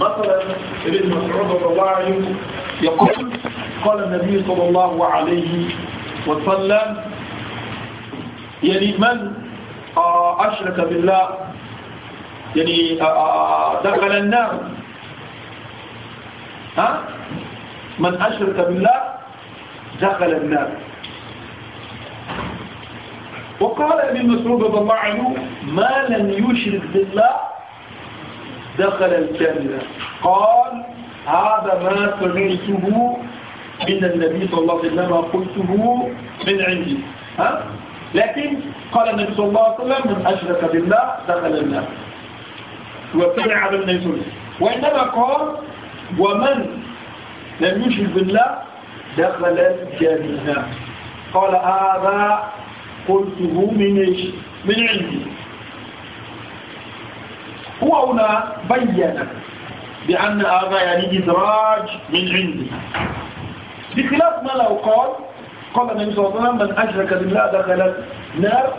مثلا ابن مسعود رضي الله عنه يقول قال النبي صلى الله عليه وسلم يعني من أشرك بالله يعني آه، آه، آه، دخل النار ها من أشرك بالله دخل النار وقال ابن مسعود رضي الله عنه ما لم يشرك بالله دخل الجنة قال هذا ما سمعته من النبي صلى الله عليه وسلم قلته من عندي ها؟ لكن قال النبي صلى الله عليه وسلم من أشرك بالله دخل النار وسمع على النبي وإنما قال ومن لم يشرك بالله دخل الجنة قال هذا قلته من من عندي هو هنا بين بأن هذا يعني إدراج من عنده بخلاف ما لو قال قال النبي صلى الله عليه وسلم من أشرك بالله دخل النار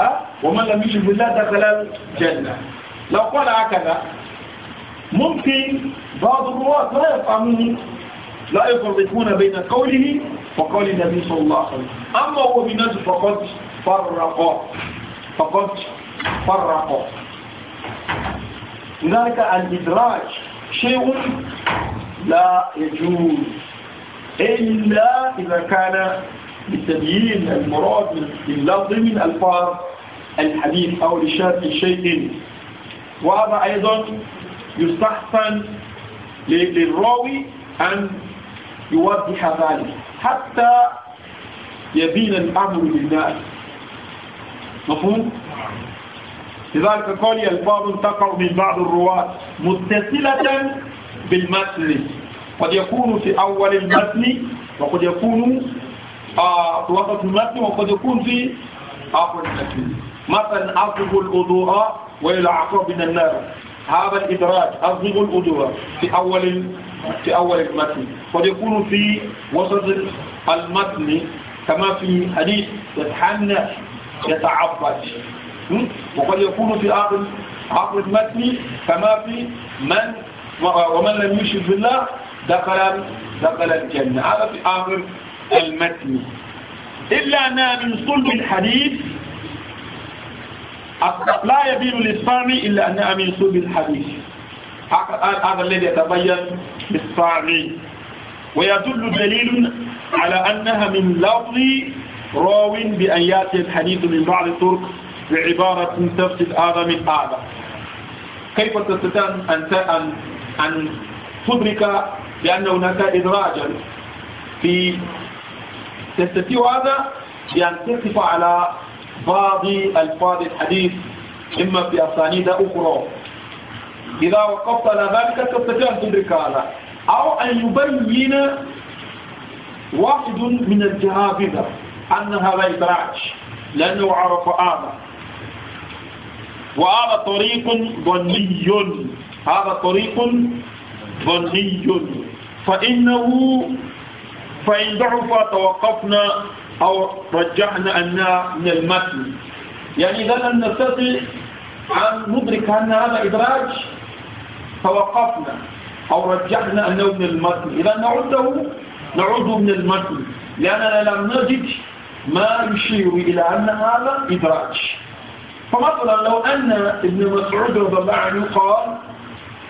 أه؟ ومن لم يشرك بالله دخل الجنة لو قال هكذا ممكن بعض الرواة لا يفهمون لا يفرقون بين قوله وقول النبي صلى الله عليه وسلم أما هو بنفسه فقد فرق فقد فرق هناك الإدراج شيء لا يجوز إلا إذا كان بتبيين المراد باللفظ من ألفاظ الحديث أو لشرح شيء وهذا أيضا يستحسن للراوي أن يوضح ذلك حتى يبين الأمر للناس مفهوم؟ لذلك قال الفاظ تقع من بعض الرواة متصلة بالمتن قد يكون في أول المتن وقد يكون آه، في وسط المتن وقد يكون في آخر المتن مثلا أصب الوضوء وإلى عقاب من النار هذا الإدراج أصب الوضوء في أول في أول المتن قد يكون في وسط المتن كما في حديث يتحنى يتعبد وقد يكون في عقل عقل متني كما في من ومن لم يشرك بالله دخل دخل الجنة هذا في عقل المتني إلا أنها من صلب الحديث لا يبين للصامي إلا أنها من صلب الحديث هذا الذي يتبين للصامي ويدل دليل على أنها من لفظ راو بأن يأتي الحديث من بعض الطرق بعبارة تفتي الآدم الآدم كيف تستطيع أن أن أن تدرك بأن هناك إدراجا في تستطيع هذا بأن تقف على بعض ألفاظ الحديث إما في أسانيد أخرى إذا وقفت على ذلك تستطيع أن تدرك هذا أو أن يبين واحد من الجهابذة أن هذا إدراج لأنه عرف آدم وهذا طريق ظني هذا طريق ظني فإنه فإن ضعف توقفنا أو رجحنا أنها من المتن يعني إذا لم نستطع أن ندرك أن هذا إدراج توقفنا أو رجحنا أنه من المتن إذا نعده نعده من المتن لأننا لم نجد ما يشير إلى أن هذا إدراج فمثلا لو أن ابن مسعود رضي الله عنه قال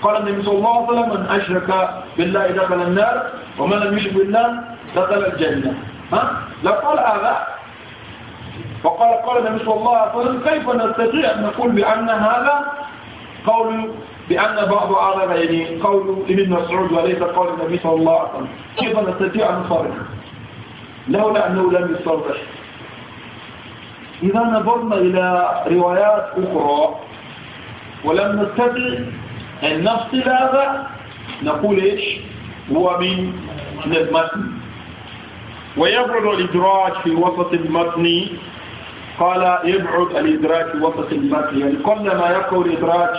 قال النبي صلى الله عليه وسلم من أشرك بالله دخل النار ومن لم يشرك بالله دخل الجنة ها؟ لقال هذا وقال قال النبي صلى الله عليه وسلم كيف نستطيع أن نقول بأن هذا قول بأن بعض هذا يعني قول ابن مسعود وليس قول النبي صلى الله عليه وسلم كيف نستطيع أن نفرق لولا أنه لم يصرح إذا نظرنا إلى روايات أخرى ولم نستطع أن نفصل هذا نقول إيش هو من من المتن ويبعد الإدراج في وسط المتن قال يبعد الإدراج في وسط المتن يعني ما يقع الإدراج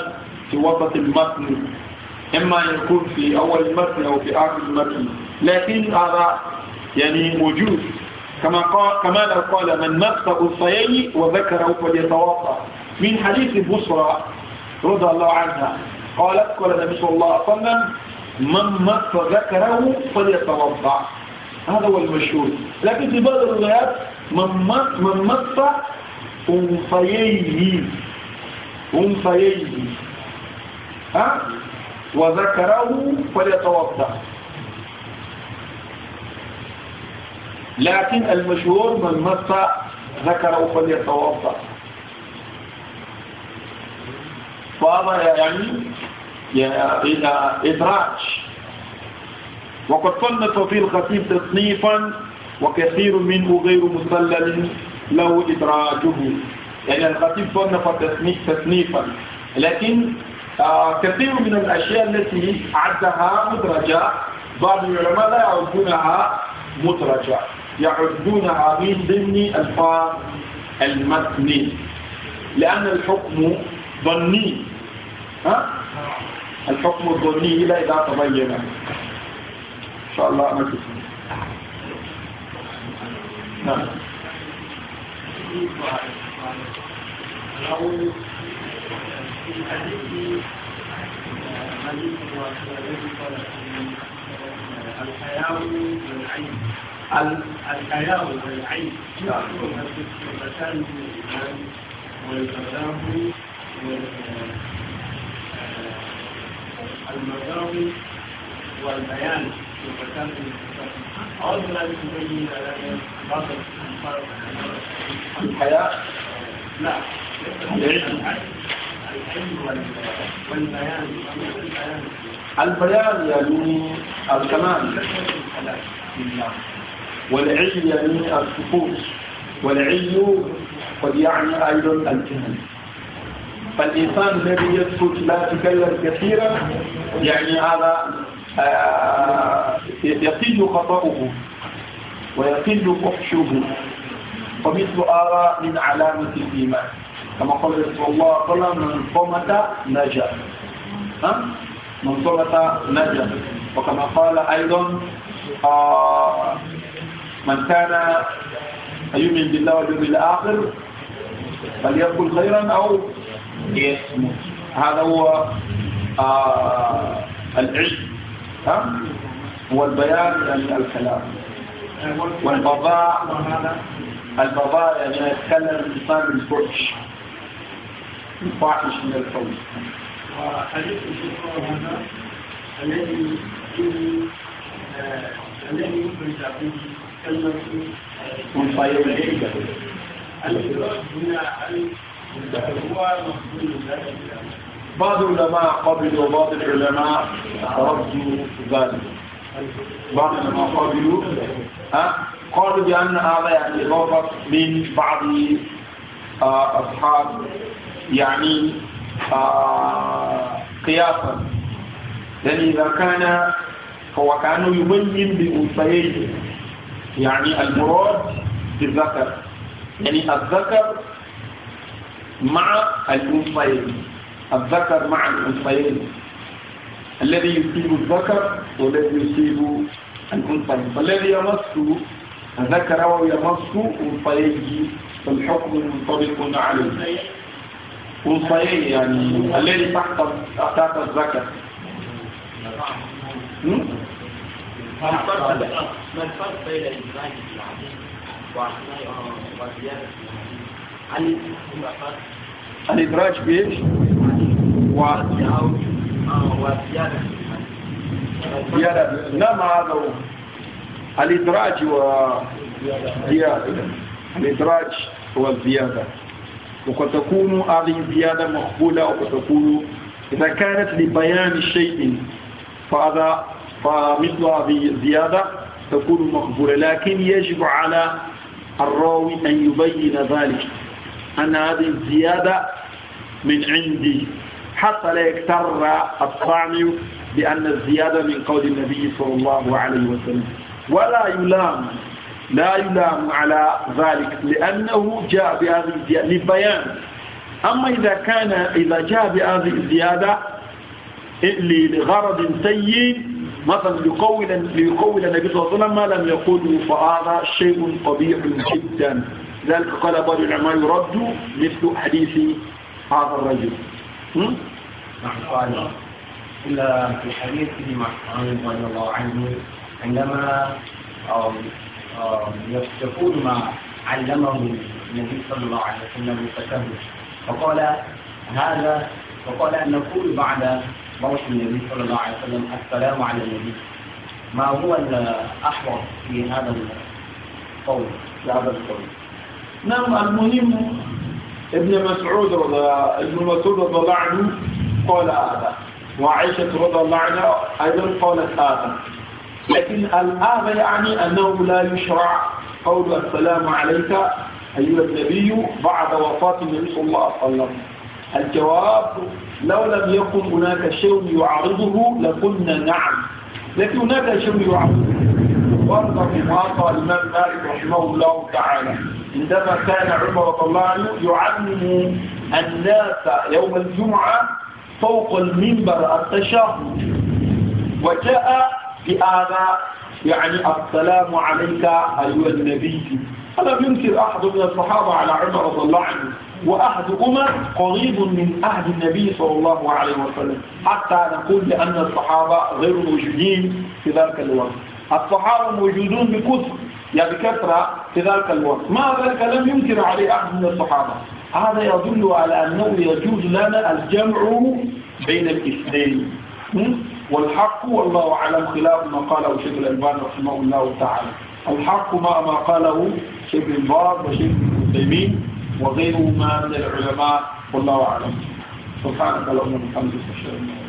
في وسط المتن إما أن يكون في أول المتن أو في آخر المتن لكن هذا يعني موجود كما قال كما قال من مقطع الصيي وذكره فليتوضا من حديث بصرى رضي الله عنها قالت قال النبي صلى الله عليه وسلم من مس ذكره فليتوضا هذا هو المشهور لكن في بعض الروايات من مس من مس انثيه انثيه ها وذكره فليتوضا لكن المشهور من مس ذكره فليتوضا فهذا يعني إلى إدراج وقد صنف في الخطيب تصنيفا وكثير منه غير مسلل له إدراجه يعني الخطيب صنف تصنيفا لكن آه كثير من الأشياء التي عدها مدرجة بعض العلماء لا يعدونها مدرجة يعدونها من ضمن الفاظ المتن لأن الحكم ظني ها؟ الحكم الظني إلى إذا تبين إن شاء الله أنا كتب نعم الحياء والعين الحياء والعين في الصفتان من الإيمان والبلاغ والبلاغ والبيان صفتان من أعوذ بالله أن تبين لنا بعض الفرق الحياء لا العلم البيان يعني الكمال والعلم يعني السكوت والعلم قد يعني أيضا الجهل فالإنسان الذي يسكت لا يتكلم كثيرا يعني هذا آه، يقل خطأه ويقل فحشه ومثل اراء من علامة الإيمان كما قال صلى الله عليه وسلم من صمت نجا ها من صمت نجا وكما قال أيضا آه من كان يؤمن بالله واليوم الآخر فليقل خيرا أو يسمو هذا هو آه العلم ها هو البيان من الكلام والبضاء البضاء يعني يتكلم الإنسان بالفرش الفاحش من الفوز وحديث الشيخ هذا الذي الذي يخرج به كلمة من طيب العلة المراد هنا هو مقبول ذلك بعض العلماء قبلوا وبعض العلماء ردوا ذلك بعض العلماء قبلوا قالوا بأن هذا يعني غلط من بعض آه، أصحاب يعني آه, قياسا لأن إذا كان هو كان يبين بأنثيين يعني المراد بالذكر يعني الذكر مع الأنثيين الذكر مع الأنثيين الذي يصيب الذكر والذي يصيب الأنثيين فالذي يمس ذكر أو يمس أنثيين فالحكم منطبق عليه أنثيين يعني الذي تحت تحت الذكر ما الفرق بين إدراج الحديث وزيادة الحديث؟ الإدراج بإيش؟ وزيادة زيادة ما نعم، هذا هو الإدراج والزيادة الإدراج والزيادة وقد هذه الزيادة مقبولة وقد إذا كانت لبيان شيء فهذا فمثل هذه الزيادة تكون مقبولة لكن يجب على الراوي أن يبين ذلك أن هذه الزيادة من عندي حتى لا يكتر الطعن بأن الزيادة من قول النبي صلى الله عليه وسلم ولا يلام لا يلام على ذلك لأنه جاء بهذه الزيادة للبيان أما إذا كان إذا جاء بهذه الزيادة لغرض سيء مثلا ليقول ليقول النبي صلى الله عليه وسلم ما لم يقوله فهذا شيء قبيح جدا ذلك قال بعض العلماء يرد مثل حديث هذا الرجل نعم، إلا في حديث ابن مسعود رضي الله عنه عندما آه، آه، يقول ما علمه النبي صلى الله عليه وسلم التشهد فقال هذا فقال أن نقول بعد موت النبي صلى الله عليه وسلم السلام على النبي ما هو الأحوط في هذا القول في هذا القول نعم المهم ابن مسعود رضي ابن مسعود رضي الله عنه قال هذا وعائشة رضي الله عنها أيضا قالت هذا لكن الآن يعني أنه لا يشرع قول السلام عليك أيها النبي بعد وفاة النبي صلى الله عليه وسلم الجواب لو لم يكن هناك شيء يعرضه لقلنا نعم لكن هناك شيء يعرضه وارض بما قال الإمام مالك رحمه الله تعالى عندما كان عمر رضي الله عنه يعلم الناس يوم الجمعة فوق المنبر التشهد وجاء بهذا يعني السلام عليك أيها النبي ألم ينكر أحد من الصحابة على عمر رضي الله عنه وأحد وأحدهما قريب من أهل النبي صلى الله عليه وسلم حتى نقول بأن الصحابة غير موجودين في ذلك الوقت الصحابة موجودون بكثر يعني بكثرة في ذلك الوقت ما ذلك لم ينكر عليه أحد من الصحابة هذا يدل على أنه يجوز لنا الجمع بين الاثنين والحق والله أعلم خلاف ما قاله شيخ الألبان رحمه الله تعالى الحق ما ما قاله شيخ البار وشيخ المسلمين وغيرهما من العلماء والله أعلم سبحانك اللهم وبحمدك اشهد ان لا اله الا انت